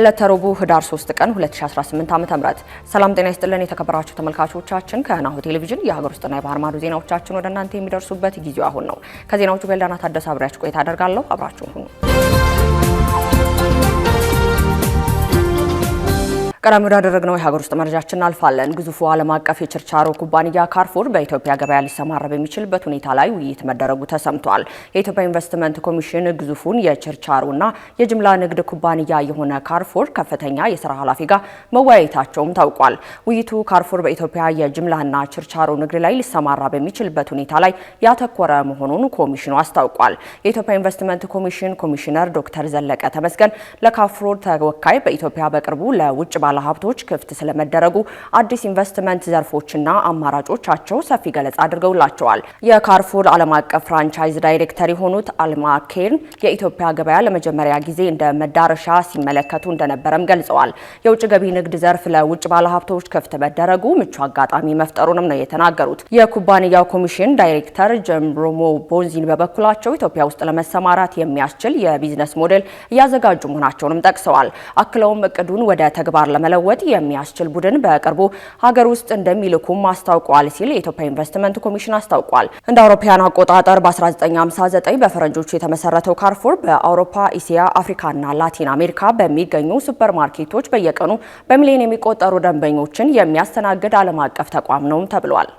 ዕለተ ረቡዕ ህዳር 3 ቀን 2018 ዓ.ም። ሰላም ጤና ይስጥልን የተከበራችሁ ተመልካቾቻችን፣ ከናሁ ቴሌቪዥን የሀገር ውስጥና የባህር ማዶ ዜናዎቻችን ወደ እናንተ የሚደርሱበት ጊዜው አሁን ነው። ከዜናዎቹ ጋር ዳና ታደሰ አብሬያችሁ ቆይታ አደርጋለሁ። አብራችሁ ሁኑ። ቀዳሚ ወዳደረግነው የሀገር ውስጥ መረጃችን እናልፋለን። ግዙፉ ዓለም አቀፍ የችርቻሮ ኩባንያ ካርፉር በኢትዮጵያ ገበያ ሊሰማራ በሚችልበት ሁኔታ ላይ ውይይት መደረጉ ተሰምቷል። የኢትዮጵያ ኢንቨስትመንት ኮሚሽን ግዙፉን የችርቻሮና የጅምላ ንግድ ኩባንያ የሆነ ካርፉር ከፍተኛ የስራ ኃላፊ ጋር መወያየታቸውም ታውቋል። ውይይቱ ካርፉር በኢትዮጵያ የጅምላና ችርቻሮ ንግድ ላይ ሊሰማራ በሚችልበት ሁኔታ ላይ ያተኮረ መሆኑን ኮሚሽኑ አስታውቋል። የኢትዮጵያ ኢንቨስትመንት ኮሚሽን ኮሚሽነር ዶክተር ዘለቀ ተመስገን ለካርፉር ተወካይ በኢትዮጵያ በቅርቡ ለውጭ ባለሀብቶች ክፍት ስለመደረጉ አዲስ ኢንቨስትመንት ዘርፎችና አማራጮቻቸው ሰፊ ገለጻ አድርገውላቸዋል። የካርፉር ዓለም አቀፍ ፍራንቻይዝ ዳይሬክተር የሆኑት አልማ ኬርን የኢትዮጵያ ገበያ ለመጀመሪያ ጊዜ እንደ መዳረሻ ሲመለከቱ እንደነበረም ገልጸዋል። የውጭ ገቢ ንግድ ዘርፍ ለውጭ ባለሀብቶች ክፍት መደረጉ ምቹ አጋጣሚ መፍጠሩንም ነው የተናገሩት። የኩባንያው ኮሚሽን ዳይሬክተር ጀምሮሞ ቦንዚን በበኩላቸው ኢትዮጵያ ውስጥ ለመሰማራት የሚያስችል የቢዝነስ ሞዴል እያዘጋጁ መሆናቸውንም ጠቅሰዋል። አክለውም እቅዱን ወደ ተግባር ለመለወጥ የሚያስችል ቡድን በቅርቡ ሀገር ውስጥ እንደሚልኩም አስታውቋል ሲል የኢትዮጵያ ኢንቨስትመንት ኮሚሽን አስታውቋል። እንደ አውሮፓውያን አቆጣጠር በ1959 በፈረንጆቹ የተመሰረተው ካርፉር በአውሮፓ፣ አፍሪካ አፍሪካና ላቲን አሜሪካ በሚገኙ ሱፐር ማርኬቶች በየቀኑ በሚሊዮን የሚቆጠሩ ደንበኞችን የሚያስተናግድ ዓለም አቀፍ ተቋም ነው ተብሏል።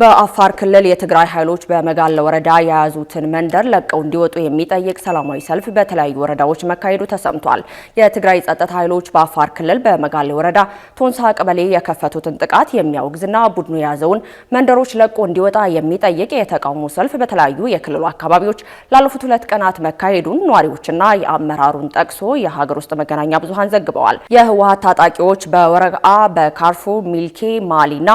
በአፋር ክልል የትግራይ ኃይሎች በመጋለ ወረዳ የያዙትን መንደር ለቀው እንዲወጡ የሚጠይቅ ሰላማዊ ሰልፍ በተለያዩ ወረዳዎች መካሄዱ ተሰምቷል። የትግራይ ጸጥታ ኃይሎች በአፋር ክልል በመጋለ ወረዳ ቶንሳ ቀበሌ የከፈቱትን ጥቃት የሚያወግዝና ቡድኑ የያዘውን መንደሮች ለቆ እንዲወጣ የሚጠይቅ የተቃውሞ ሰልፍ በተለያዩ የክልሉ አካባቢዎች ላለፉት ሁለት ቀናት መካሄዱን ነዋሪዎችና የአመራሩን ጠቅሶ የሀገር ውስጥ መገናኛ ብዙሃን ዘግበዋል። የህወሀት ታጣቂዎች በወረአ በካርፉ ሚልኬ፣ ማሊና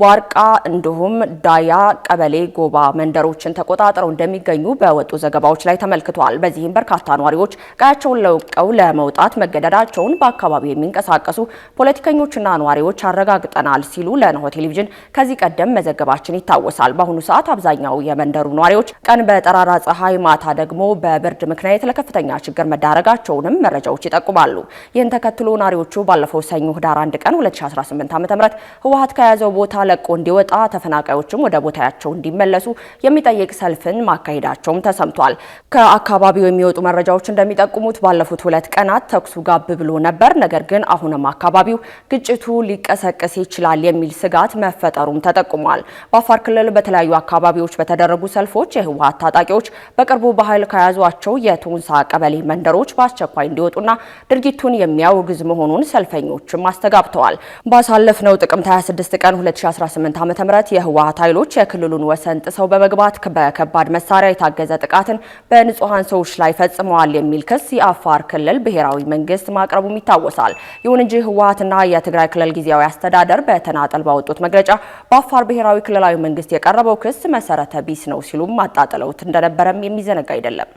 ቧርቃ እንዲሁም ዳያ ቀበሌ ጎባ መንደሮችን ተቆጣጥረው እንደሚገኙ በወጡ ዘገባዎች ላይ ተመልክቷል። በዚህም በርካታ ነዋሪዎች ቀያቸውን ለውቀው ለመውጣት መገደዳቸውን በአካባቢው የሚንቀሳቀሱ ፖለቲከኞችና ነዋሪዎች አረጋግጠናል ሲሉ ለናሁ ቴሌቪዥን ከዚህ ቀደም መዘገባችን ይታወሳል። በአሁኑ ሰዓት አብዛኛው የመንደሩ ነዋሪዎች ቀን በጠራራ ፀሐይ፣ ማታ ደግሞ በብርድ ምክንያት ለከፍተኛ ችግር መዳረጋቸውንም መረጃዎች ይጠቁማሉ። ይህን ተከትሎ ነዋሪዎቹ ባለፈው ሰኞ ህዳር 1 ቀን 2018 ዓ.ም ህወሀት ከያዘው ቦታ ለቆ እንዲወጣ ተፈናቃዮችም ወደ ቦታያቸው እንዲመለሱ የሚጠይቅ ሰልፍን ማካሄዳቸውም ተሰምቷል። ከአካባቢው የሚወጡ መረጃዎች እንደሚጠቁሙት ባለፉት ሁለት ቀናት ተኩሱ ጋብ ብሎ ነበር። ነገር ግን አሁንም አካባቢው ግጭቱ ሊቀሰቀስ ይችላል የሚል ስጋት መፈጠሩም ተጠቁሟል። በአፋር ክልል በተለያዩ አካባቢዎች በተደረጉ ሰልፎች የህወሀት ታጣቂዎች በቅርቡ በኃይል ከያዟቸው የቶንሳ ቀበሌ መንደሮች በአስቸኳይ እንዲወጡና ድርጊቱን የሚያውግዝ መሆኑን ሰልፈኞችም አስተጋብተዋል። ባሳለፍነው ጥቅምት 26 ቀን በ2018 ዓ.ም የህወሓት ኃይሎች የክልሉን ወሰን ጥሰው በመግባት በከባድ መሳሪያ የታገዘ ጥቃትን በንጹሐን ሰዎች ላይ ፈጽመዋል የሚል ክስ የአፋር ክልል ብሔራዊ መንግስት ማቅረቡም ይታወሳል። ይሁን እንጂ ህወሓትና የትግራይ ክልል ጊዜያዊ አስተዳደር በተናጠል ባወጡት መግለጫ በአፋር ብሔራዊ ክልላዊ መንግስት የቀረበው ክስ መሰረተ ቢስ ነው ሲሉም አጣጥለውት እንደነበረም የሚዘነጋ አይደለም።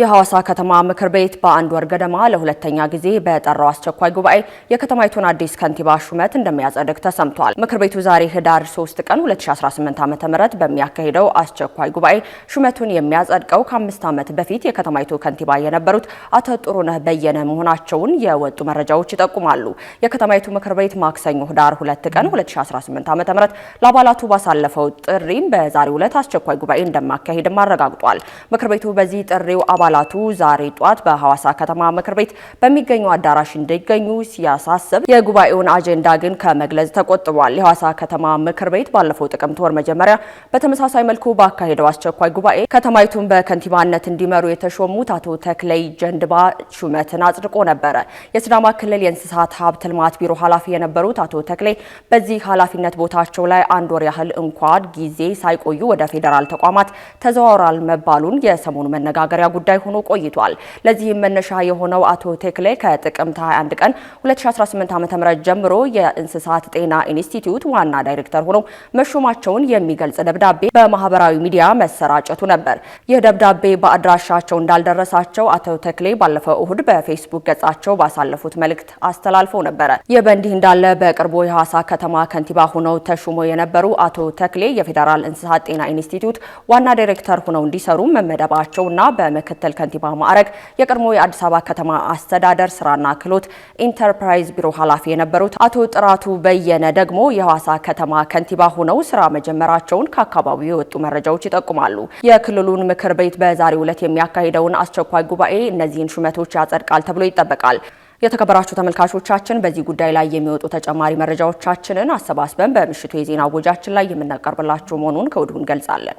የሐዋሳ ከተማ ምክር ቤት በአንድ ወር ገደማ ለሁለተኛ ጊዜ በጠራው አስቸኳይ ጉባኤ የከተማይቱን አዲስ ከንቲባ ሹመት እንደሚያጸድቅ ተሰምቷል። ምክር ቤቱ ዛሬ ህዳር 3 ቀን 2018 ም በሚያካሂደው አስቸኳይ ጉባኤ ሹመቱን የሚያጸድቀው ከአምስት ዓመት በፊት የከተማይቱ ከንቲባ የነበሩት አቶ ጥሩነህ በየነ መሆናቸውን የወጡ መረጃዎች ይጠቁማሉ። የከተማይቱ ምክር ቤት ማክሰኞ ህዳር 2 ቀን 2018 ዓ.ም ለአባላቱ ባሳለፈው ጥሪም በዛሬው ዕለት አስቸኳይ ጉባኤ እንደማካሄድም አረጋግጧል። ምክር ቤቱ በዚህ ጥሪው አባ አባላቱ ዛሬ ጧት በሐዋሳ ከተማ ምክር ቤት በሚገኙ አዳራሽ እንዲገኙ ሲያሳስብ የጉባኤውን አጀንዳ ግን ከመግለጽ ተቆጥቧል። የሐዋሳ ከተማ ምክር ቤት ባለፈው ጥቅምት ወር መጀመሪያ በተመሳሳይ መልኩ ባካሄደው አስቸኳይ ጉባኤ ከተማይቱን በከንቲባነት እንዲመሩ የተሾሙት አቶ ተክለይ ጀንድባ ሹመትን አጽድቆ ነበረ። የሲዳማ ክልል የእንስሳት ሀብት ልማት ቢሮ ኃላፊ የነበሩት አቶ ተክሌ በዚህ ኃላፊነት ቦታቸው ላይ አንድ ወር ያህል እንኳን ጊዜ ሳይቆዩ ወደ ፌዴራል ተቋማት ተዘዋውራል መባሉን የሰሞኑ መነጋገሪያ ጉዳይ ጉዳይ ሆኖ ቆይቷል። ለዚህም መነሻ የሆነው አቶ ቴክሌ ከጥቅምት 21 ቀን 2018 ዓ.ም ጀምሮ የእንስሳት ጤና ኢንስቲትዩት ዋና ዳይሬክተር ሆነው መሾማቸውን የሚገልጽ ደብዳቤ በማህበራዊ ሚዲያ መሰራጨቱ ነበር። ይህ ደብዳቤ በአድራሻቸው እንዳልደረሳቸው አቶ ተክሌ ባለፈው እሁድ በፌስቡክ ገጻቸው ባሳለፉት መልእክት አስተላልፈው ነበረ። ይህ በእንዲህ እንዳለ በቅርቡ የሐዋሳ ከተማ ከንቲባ ሆነው ተሹሞ የነበሩ አቶ ተክሌ የፌዴራል እንስሳት ጤና ኢንስቲትዩት ዋና ዳይሬክተር ሆነው እንዲሰሩ መመደባቸውና በምክትል ምክትል ከንቲባ ማዕረግ የቀድሞ የአዲስ አበባ ከተማ አስተዳደር ስራና ክህሎት ኢንተርፕራይዝ ቢሮ ኃላፊ የነበሩት አቶ ጥራቱ በየነ ደግሞ የሐዋሳ ከተማ ከንቲባ ሆነው ስራ መጀመራቸውን ከአካባቢው የወጡ መረጃዎች ይጠቁማሉ። የክልሉን ምክር ቤት በዛሬው ዕለት የሚያካሂደውን አስቸኳይ ጉባኤ እነዚህን ሹመቶች ያጸድቃል ተብሎ ይጠበቃል። የተከበራችሁ ተመልካቾቻችን በዚህ ጉዳይ ላይ የሚወጡ ተጨማሪ መረጃዎቻችንን አሰባስበን በምሽቱ የዜና ወጃችን ላይ የምናቀርብላችሁ መሆኑን ከወዲሁ እንገልጻለን።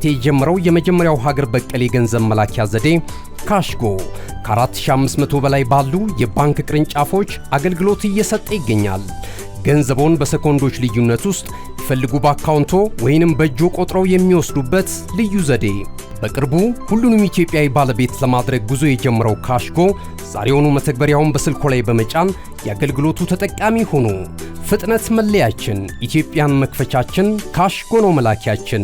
በቅርበት የጀመረው የመጀመሪያው ሀገር በቀል የገንዘብ መላኪያ ዘዴ ካሽጎ ከ4500 በላይ ባሉ የባንክ ቅርንጫፎች አገልግሎት እየሰጠ ይገኛል። ገንዘቦን በሰኮንዶች ልዩነት ውስጥ ይፈልጉ በአካውንቶ ወይንም በእጆ ቆጥረው የሚወስዱበት ልዩ ዘዴ። በቅርቡ ሁሉንም ኢትዮጵያዊ ባለቤት ለማድረግ ጉዞ የጀመረው ካሽጎ ዛሬውኑ መተግበሪያውን በስልኮ ላይ በመጫን የአገልግሎቱ ተጠቃሚ ሁኑ። ፍጥነት መለያችን፣ ኢትዮጵያን መክፈቻችን፣ ካሽጎ ነው መላኪያችን።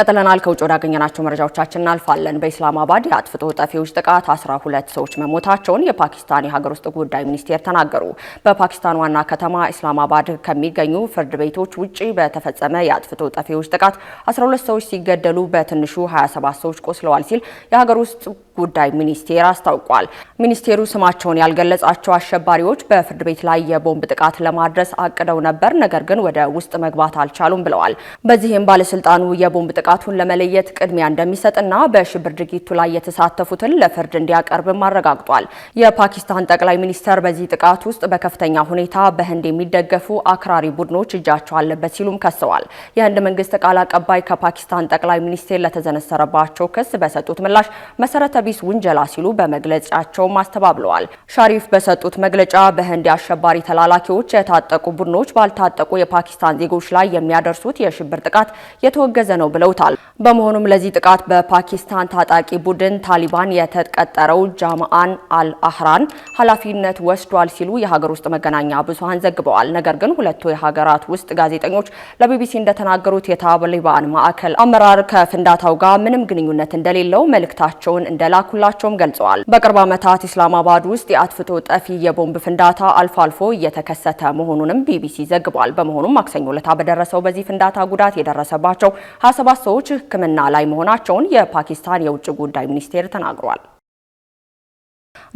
ቀጥለናል። ከውጭ ወዳገኘናቸው መረጃዎቻችን እናልፋለን። በኢስላማባድ የአጥፍቶ ጠፊዎች ጥቃት 12 ሰዎች መሞታቸውን የፓኪስታን የሀገር ውስጥ ጉዳይ ሚኒስቴር ተናገሩ። በፓኪስታን ዋና ከተማ ኢስላማባድ ከሚገኙ ፍርድ ቤቶች ውጭ በተፈጸመ የአጥፍቶ ጠፊዎች ጥቃት 12 ሰዎች ሲገደሉ በትንሹ 27 ሰዎች ቆስለዋል ሲል የሀገር ውስጥ ጉዳይ ሚኒስቴር አስታውቋል። ሚኒስቴሩ ስማቸውን ያልገለጻቸው አሸባሪዎች በፍርድ ቤት ላይ የቦምብ ጥቃት ለማድረስ አቅደው ነበር፣ ነገር ግን ወደ ውስጥ መግባት አልቻሉም ብለዋል። በዚህም ባለስልጣኑ የቦምብ ጥቃቱን ለመለየት ቅድሚያ እንደሚሰጥና በሽብር ድርጊቱ ላይ የተሳተፉትን ለፍርድ እንዲያቀርብም አረጋግጧል። የፓኪስታን ጠቅላይ ሚኒስተር በዚህ ጥቃት ውስጥ በከፍተኛ ሁኔታ በህንድ የሚደገፉ አክራሪ ቡድኖች እጃቸው አለበት ሲሉም ከሰዋል። የህንድ መንግስት ቃል አቀባይ ከፓኪስታን ጠቅላይ ሚኒስቴር ለተዘነሰረባቸው ክስ በሰጡት ምላሽ መሰረተ ቢስ ውንጀላ ሲሉ በመግለጫቸው አስተባብለዋል። ሻሪፍ በሰጡት መግለጫ በህንድ አሸባሪ ተላላኪዎች የታጠቁ ቡድኖች ባልታጠቁ የፓኪስታን ዜጎች ላይ የሚያደርሱት የሽብር ጥቃት የተወገዘ ነው ብለውታል። በመሆኑም ለዚህ ጥቃት በፓኪስታን ታጣቂ ቡድን ታሊባን የተቀጠረው ጃምአን አልአህራን ኃላፊነት ወስዷል ሲሉ የሀገር ውስጥ መገናኛ ብዙኃን ዘግበዋል። ነገር ግን ሁለቱ የሀገራት ውስጥ ጋዜጠኞች ለቢቢሲ እንደተናገሩት የታሊባን ማዕከል አመራር ከፍንዳታው ጋር ምንም ግንኙነት እንደሌለው መልእክታቸውን እንደ እንደላኩላቸውም ገልጸዋል። በቅርብ ዓመታት ኢስላማባድ ውስጥ የአጥፍቶ ጠፊ የቦምብ ፍንዳታ አልፎ አልፎ እየተከሰተ መሆኑንም ቢቢሲ ዘግቧል። በመሆኑም ማክሰኞ ለታ በደረሰው በዚህ ፍንዳታ ጉዳት የደረሰባቸው 27 ሰዎች ሕክምና ላይ መሆናቸውን የፓኪስታን የውጭ ጉዳይ ሚኒስቴር ተናግሯል።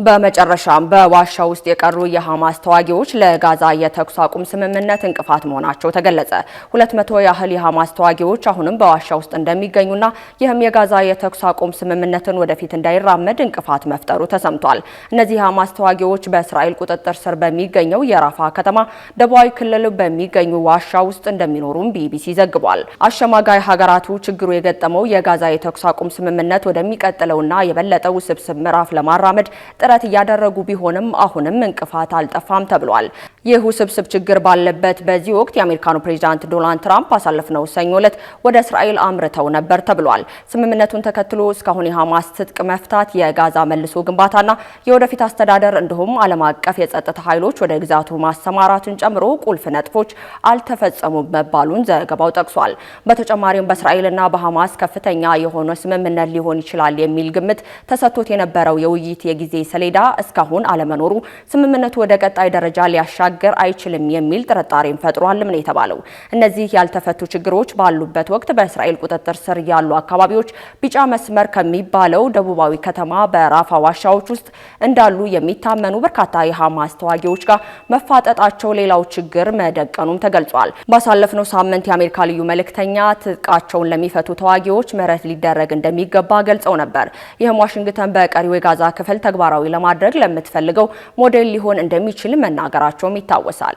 በመጨረሻም በዋሻ ውስጥ የቀሩ የሐማስ ተዋጊዎች ለጋዛ የተኩስ አቁም ስምምነት እንቅፋት መሆናቸው ተገለጸ። ሁለት መቶ ያህል የሐማስ ተዋጊዎች አሁንም በዋሻ ውስጥ እንደሚገኙና ይህም የጋዛ የተኩስ አቁም ስምምነትን ወደፊት እንዳይራመድ እንቅፋት መፍጠሩ ተሰምቷል። እነዚህ የሐማስ ተዋጊዎች በእስራኤል ቁጥጥር ስር በሚገኘው የራፋ ከተማ ደቡባዊ ክልል በሚገኙ ዋሻ ውስጥ እንደሚኖሩም ቢቢሲ ዘግቧል። አሸማጋይ ሀገራቱ ችግሩ የገጠመው የጋዛ የተኩስ አቁም ስምምነት ወደሚቀጥለውና የበለጠ ውስብስብ ምዕራፍ ለማራመድ ጥረት እያደረጉ ቢሆንም አሁንም እንቅፋት አልጠፋም ተብሏል። ይህ ውስብስብ ችግር ባለበት በዚህ ወቅት የአሜሪካኑ ፕሬዚዳንት ዶናልድ ትራምፕ ባሳለፍነው ሰኞ ዕለት ወደ እስራኤል አምርተው ነበር ተብሏል። ስምምነቱን ተከትሎ እስካሁን የሐማስ ትጥቅ መፍታት፣ የጋዛ መልሶ ግንባታና የወደፊት አስተዳደር እንዲሁም ዓለም አቀፍ የጸጥታ ኃይሎች ወደ ግዛቱ ማሰማራትን ጨምሮ ቁልፍ ነጥፎች አልተፈጸሙም መባሉን ዘገባው ጠቅሷል። በተጨማሪም በእስራኤልና በሐማስ ከፍተኛ የሆነ ስምምነት ሊሆን ይችላል የሚል ግምት ተሰጥቶት የነበረው የውይይት የጊዜ ጊዜ ሰሌዳ እስካሁን አለመኖሩ ስምምነቱ ወደ ቀጣይ ደረጃ ሊያሻገር አይችልም የሚል ጥርጣሬን ፈጥሯልም ነው የተባለው። እነዚህ ያልተፈቱ ችግሮች ባሉበት ወቅት በእስራኤል ቁጥጥር ስር ያሉ አካባቢዎች ቢጫ መስመር ከሚባለው ደቡባዊ ከተማ በራፋ ዋሻዎች ውስጥ እንዳሉ የሚታመኑ በርካታ የሐማስ ተዋጊዎች ጋር መፋጠጣቸው ሌላው ችግር መደቀኑም ተገልጿል። ባሳለፍነው ሳምንት የአሜሪካ ልዩ መልእክተኛ ትጥቃቸውን ለሚፈቱ ተዋጊዎች ምህረት ሊደረግ እንደሚገባ ገልጸው ነበር። ይህም ዋሽንግተን በቀሪው የጋዛ ክፍል ተግባ ተግባራዊ ለማድረግ ለምትፈልገው ሞዴል ሊሆን እንደሚችል መናገራቸውም ይታወሳል።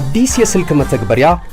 አዲስ የስልክ መተግበሪያ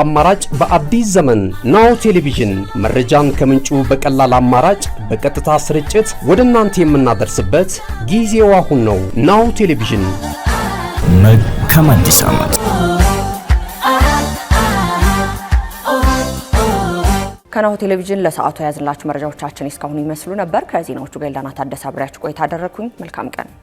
አማራጭ በአዲስ ዘመን ናሁ ቴሌቪዥን መረጃን ከምንጩ በቀላል አማራጭ በቀጥታ ስርጭት ወደ እናንተ የምናደርስበት ጊዜው አሁን ነው። ናሁ ቴሌቪዥን መልካም አዲስ ዓመት። ከናሁ ቴሌቪዥን ለሰዓቱ የያዝላችሁ መረጃዎቻችን እስካሁን ይመስሉ ነበር። ከዜናዎቹ ጋር ዳና ታደሰ አብሬያችሁ ቆይታ አደረግኩኝ። መልካም ቀን